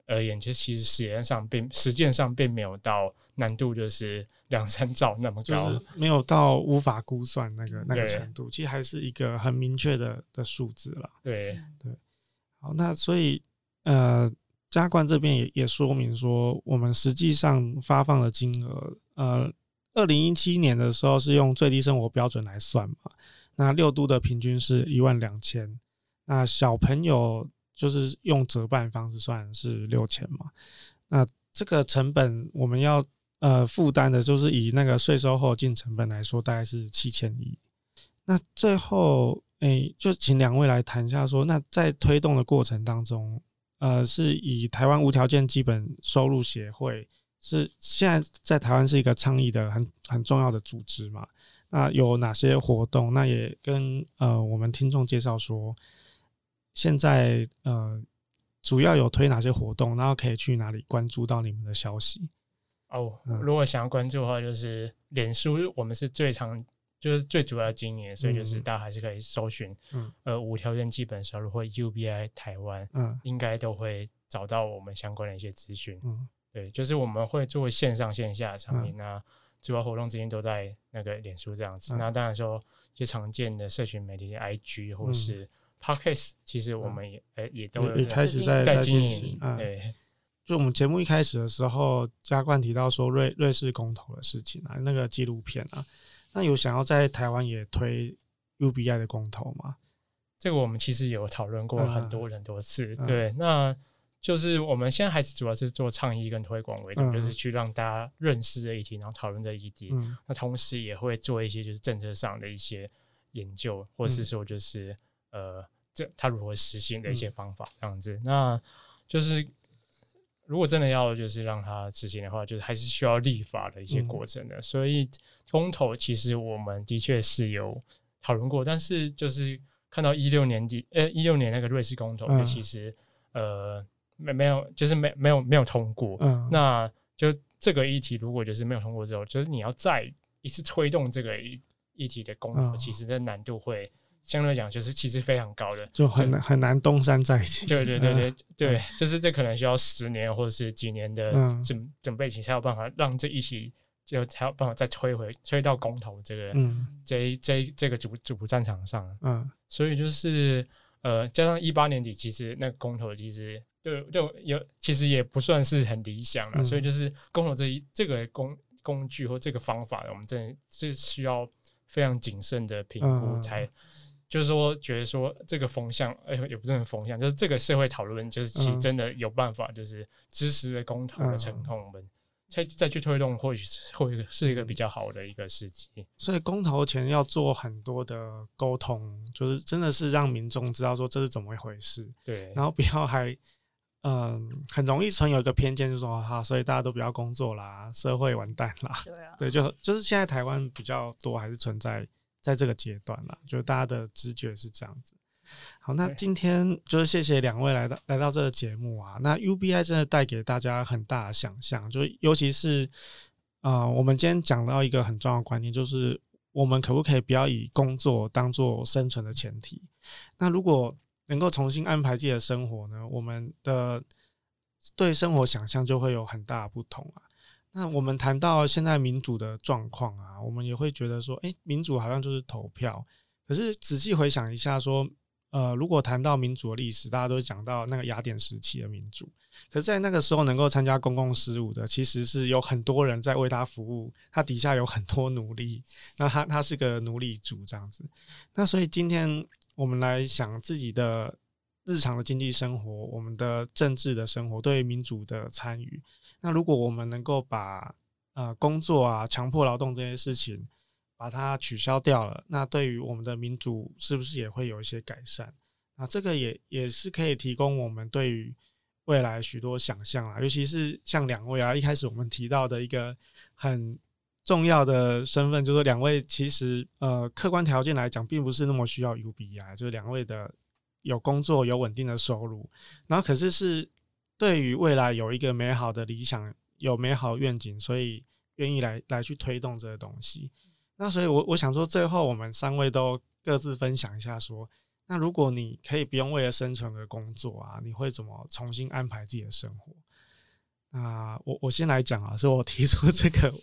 而言，就其實時間上並實踐上並沒有到難度，就是兩三兆那麼高，就是、沒有到無法估算那個那個程度，其實還是一個很明確的的數字了。對對，好，那所以呃。嘉冠這邊也也說明說，我們實際上發放的金額，呃，二零一七年的時候是用最低生活標準來算嘛，那六都的平均是一萬兩千，那小朋友就是用折半方式算是六千嘛，那這個成本我們要呃負擔的，就是以那個稅收後淨成本來說，大概是七千億。那最後，哎、欸，就請兩位來談一下說，那在推動的過程當中。呃，是以台灣無條件基本收入協會是現在在台灣是一個倡議的很很重要的組織嘛？那有哪些活動？那也跟呃我們聽眾介紹說，現在呃主要有推哪些活動，然後可以去哪裡關注到你們的消息？哦、oh, 嗯，如果想要關注的話，就是臉書，我們是最常。就是最主要經營，所以就是大家還是可以搜尋，嗯，呃，無條件基本收入或 UBI 台灣，嗯，應該都會找到我們相關的一些資訊。嗯，對，就是我們會做線上線下的產品、嗯、那主要活動最近都在那個臉書這樣子、嗯。那當然說，一些常見的社群媒體 IG 或是 Podcast，、嗯、其實我們也、嗯、也也都有也開始在,在經營、嗯。對，就我們節目一開始的時候，嘉冠提到說瑞瑞士公投的事情啊，那個紀錄片啊。那有想要在台灣也推 UBI 的公投嗎？這個我們其實有討論過很多很多次，嗯啊、對、嗯。那就是我們現在還是主要是做倡議跟推廣為主，嗯、就是去讓大家認識這一題，然後討論這一題、嗯。那同時也會做一些就是政策上的一些研究，或是說就是、嗯、呃，這它如何實行的一些方法、嗯、這樣子。那就是。如果真的要就是讓它執行的話，就是還是需要立法的一些過程的、嗯。所以公投其實我們的確是有討論過，但是就是看到一六年底，呃，一六年那個瑞士公投就其實、嗯、呃，沒沒有就是沒沒有沒有通過、嗯。那就這個議題如果就是沒有通過之後，就是你要再一次推動這個議題的公投，嗯、其實這難度會。相對來講，就是其實非常高的，就很難就很難東山再起。對對對對、嗯、對，就是這可能需要十年或者是幾年的準準備期，才有辦法讓這一期就才有辦法再推回推到公投這個，嗯、這這個、這個主主戰場上。嗯，所以就是呃，加上一八年底，其實那個公投其實就就有，其實也不算是很理想了、嗯。所以就是公投這一這個工工具或這個方法，我們真的是需要非常謹慎的評估、嗯、才。就是說，覺得說這個風向，哎、欸、也不是很風向，就是這個社會討論，就是其實真的有辦法，就是支持的公投的成功，嗯，我、嗯、們再再去推動或，或許是會是一個比較好的一個時機。所以，公投前要做很多的溝通，就是真的是讓民眾知道說這是怎麼一回事。對，然後不要還，嗯，很容易存有一個偏見就是，就說哈，所以大家都不要工作啦，社會完蛋啦。對、啊、對，就就是現在台灣比較多還是存在。在這個階段啦，就是大家的直覺是這樣子。好，那今天就是謝謝兩位來到來到這個節目啊。那 UBI 真的帶給大家很大的想象，就尤其是啊，呃，我們今天講到一個很重要的觀念，就是我們可不可以不要以工作當做生存的前提？那如果能夠重新安排自己的生活呢，我們的對生活想象就會有很大的不同啊。那我們談到現在民主的狀況啊，我們也會覺得說，哎、欸，民主好像就是投票。可是仔細回想一下，說，呃，如果談到民主的歷史，大家都會講到那個雅典時期的民主。可是，在那個時候能夠參加公共事務的，其實是有很多人在為他服務，他底下有很多奴隸。那他他是個奴隸主這樣子。那所以今天我們來想自己的。日常的經濟生活，我們的政治的生活，對於民主的參與。那如果我們能夠把呃工作啊、強迫勞動這些事情把它取消掉了，那對於我們的民主是不是也會有一些改善？那這個也也是可以提供我們對於未來許多想象啊，尤其是像兩位啊，一開始我們提到的一個很重要的身份，就是兩位其實呃客觀條件來講，並不是那麼需要 UBI，就是兩位的。有工作有穩定的收入，然後可是是對於未來有一個美好的理想，有美好的願景，所以願意來來去推動這個東西。那所以我，我我想說，最後我們三位都各自分享一下說，說那如果你可以不用為了生存而工作啊，你會怎麼重新安排自己的生活？啊，我我先來講啊，是我提出這個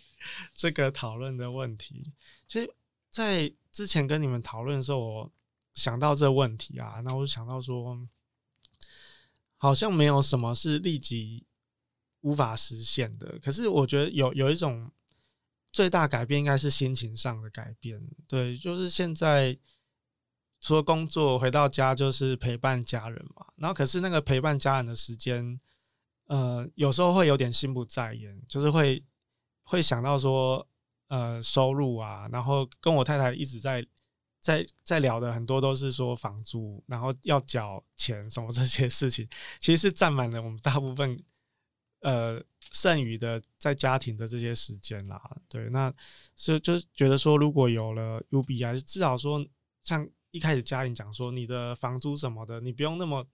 這個討論的問題，所以在之前跟你們討論的時候，我。想到這個問題啊，然後我就想到說，好像沒有什麼是立即無法實現的。可是我覺得有有一種最大改變，應該是心情上的改變。對，就是現在除了工作，回到家就是陪伴家人嘛。然後，可是那個陪伴家人的時間，呃，有時候會有點心不在焉，就是會會想到說，呃，收入啊，然後跟我太太一直在。在在聊的，很多都是說房租、然後要繳錢什麼這些事情，其實是占滿了我們大部分呃剩餘的在家庭的這些時間啦。對，那就就覺得說，如果有了 UBI，至少說像一開始佳穎講說，你的房租什麼的，你不用那麼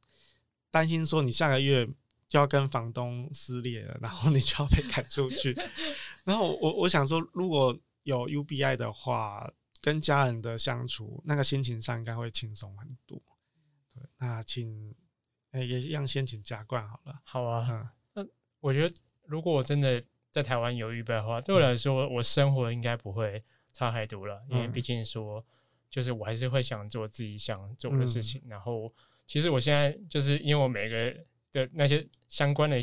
擔心說你下個月就要跟房東撕裂了，然後你就要被趕出去。 然後我我，我想說，如果有 UBI 的話。跟家人的相處，那個心情上應該會輕鬆很多。對，那請也、欸、一樣先請嘉冠好了。好啊，嗯、那我覺得如果我真的在台灣有預備的話，對我來說，我生活應該不會差太多了。嗯、因為畢竟說，就是我還是會想做自己想做的事情。嗯、然後，其實我現在就是因為我每個的那些相關的、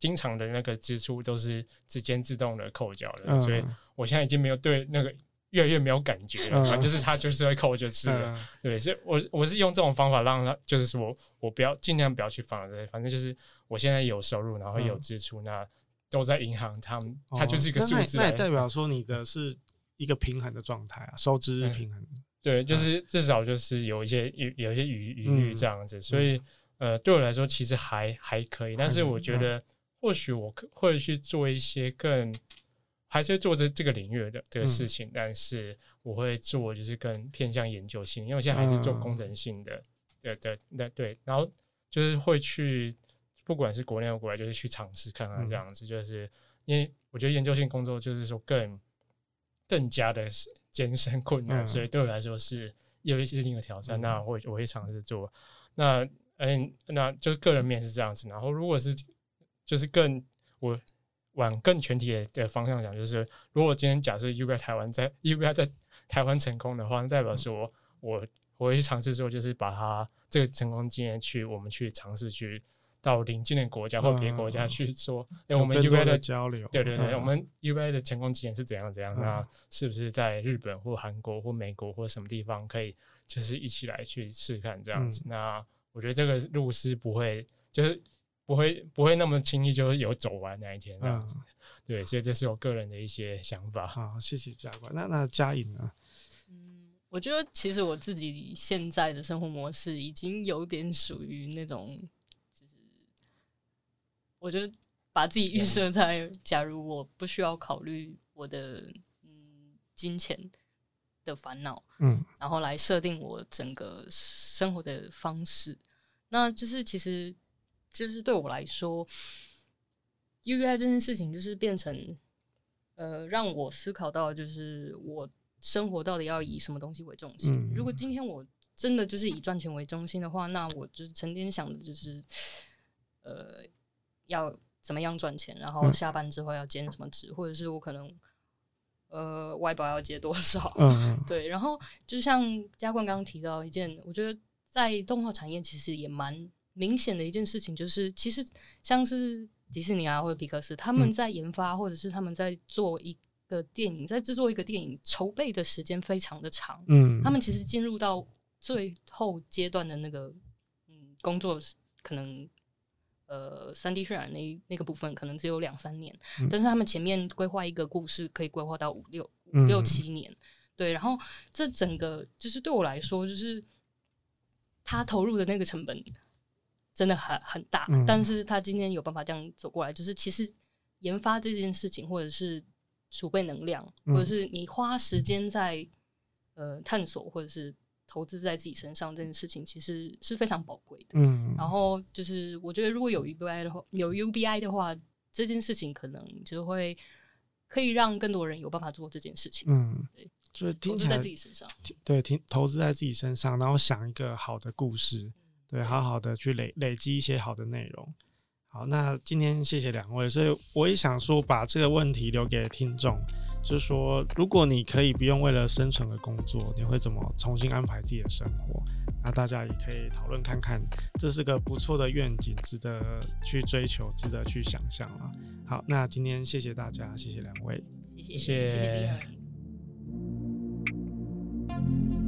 經常的那個支出都是直接自動的扣繳的、嗯，所以我現在已經沒有對那個。越來越沒有感覺了、嗯啊，就是他就是會扣就吃了，嗯、對，所以我是我是用這種方法讓他就是我我不要盡量不要去放這些，反正就是我現在有收入，然後有支出，那都在銀行，它它、嗯、就是一個數字、哦，那那，那也代表說你的是一個平衡的狀態啊、嗯，收支是平衡、嗯，對，就是至少就是有一些有有一些餘餘這樣子，嗯、所以、嗯、呃對我來說其實還還可以，但是我覺得或許我會去做一些更。還是會做這這個領域的這個事情、嗯，但是我會做就是更偏向研究性，因為我現在還是做工程性的，嗯、對對對，對對對。然後就是會去，不管是國內或國外，就是去嘗試看看這樣子、嗯。就是因為我覺得研究性工作就是說更更加的艱深困難、嗯，所以對我來說是有一些新的挑戰。嗯、那我會我會嘗試做。那嗯、欸，那就是個人面是這樣子。然後如果是就是更我。往更全體的方向講，就是如果今天假設 UBI 台灣在 UBI、嗯、在台灣成功的話，那代表說我我會去嘗試說，就是把它這個成功經驗去我們去嘗試去到鄰近的國家或別國家去說，哎、嗯，嗯欸、我們 UBI 的、的交流，對對對，嗯、我們 UBI 的成功經驗是怎樣怎樣、嗯？那是不是在日本或韓國或美國或什麼地方可以就是一起來去試試看這樣子、嗯？那我覺得這個路是不會就是。不會不會那麼輕易就有走完那一天這樣子、嗯，對，所以這是我個人的一些想法。好，謝謝嘉冠。那那佳穎呢？嗯，我覺得其實我自己現在的生活模式已經有點屬於那種，就是，我覺得把自己預設在、嗯、假如我不需要考慮我的嗯金錢的煩惱，嗯，然後來設定我整個生活的方式。那就是其實。就是對我來說，UBI 這件事情就是變成呃，讓我思考到就是我生活到底要以什麼東西為中心。嗯。如果今天我真的就是以賺錢為中心的話，那我就成天想的就是呃，要怎麼樣賺錢，然後下班之後要兼什麼職，嗯，或者是我可能呃外包要接多少。嗯嗯對。然後就像嘉冠剛剛提到一件，我覺得在動畫產業其實也蠻。明顯的一件事情就是，其實像是迪士尼啊或者皮克斯，他們在研發或者是他們在做一個電影，嗯、在制作一個電影籌備的時間非常的長。嗯，他們其實進入到最後階段的那個嗯工作，可能呃三 D 渲染那那個部分可能只有兩三年，嗯，但是他們前面規劃一個故事可以規劃到五六五六七年，嗯。對，然後這整個就是對我來說，就是他投入的那個成本。真的很很大，嗯，但是他今天有辦法這樣走過來，就是其實研發這件事情，或者是儲備能量、嗯，或者是你花時間在、嗯、呃探索，或者是投資在自己身上這件事情，其實是非常寶貴的。嗯，然後就是我覺得，如果有 UBI 的話，有 UBI 的話，這件事情可能就會可以讓更多人有辦法做這件事情。嗯，對，就是投資在自己身上，對，投投資在自己身上，然後想一個好的故事。對，好好的去累累積一些好的內容。好，那今天謝謝兩位，所以我也想說，把這個問題留給聽眾，就是說，如果你可以不用為了生存而工作，你會怎麼重新安排自己的生活？那大家也可以討論看看，這是個不錯的願景，值得去追求，值得去想象了。好，那今天謝謝大家，謝謝兩位，謝謝，謝謝。謝謝。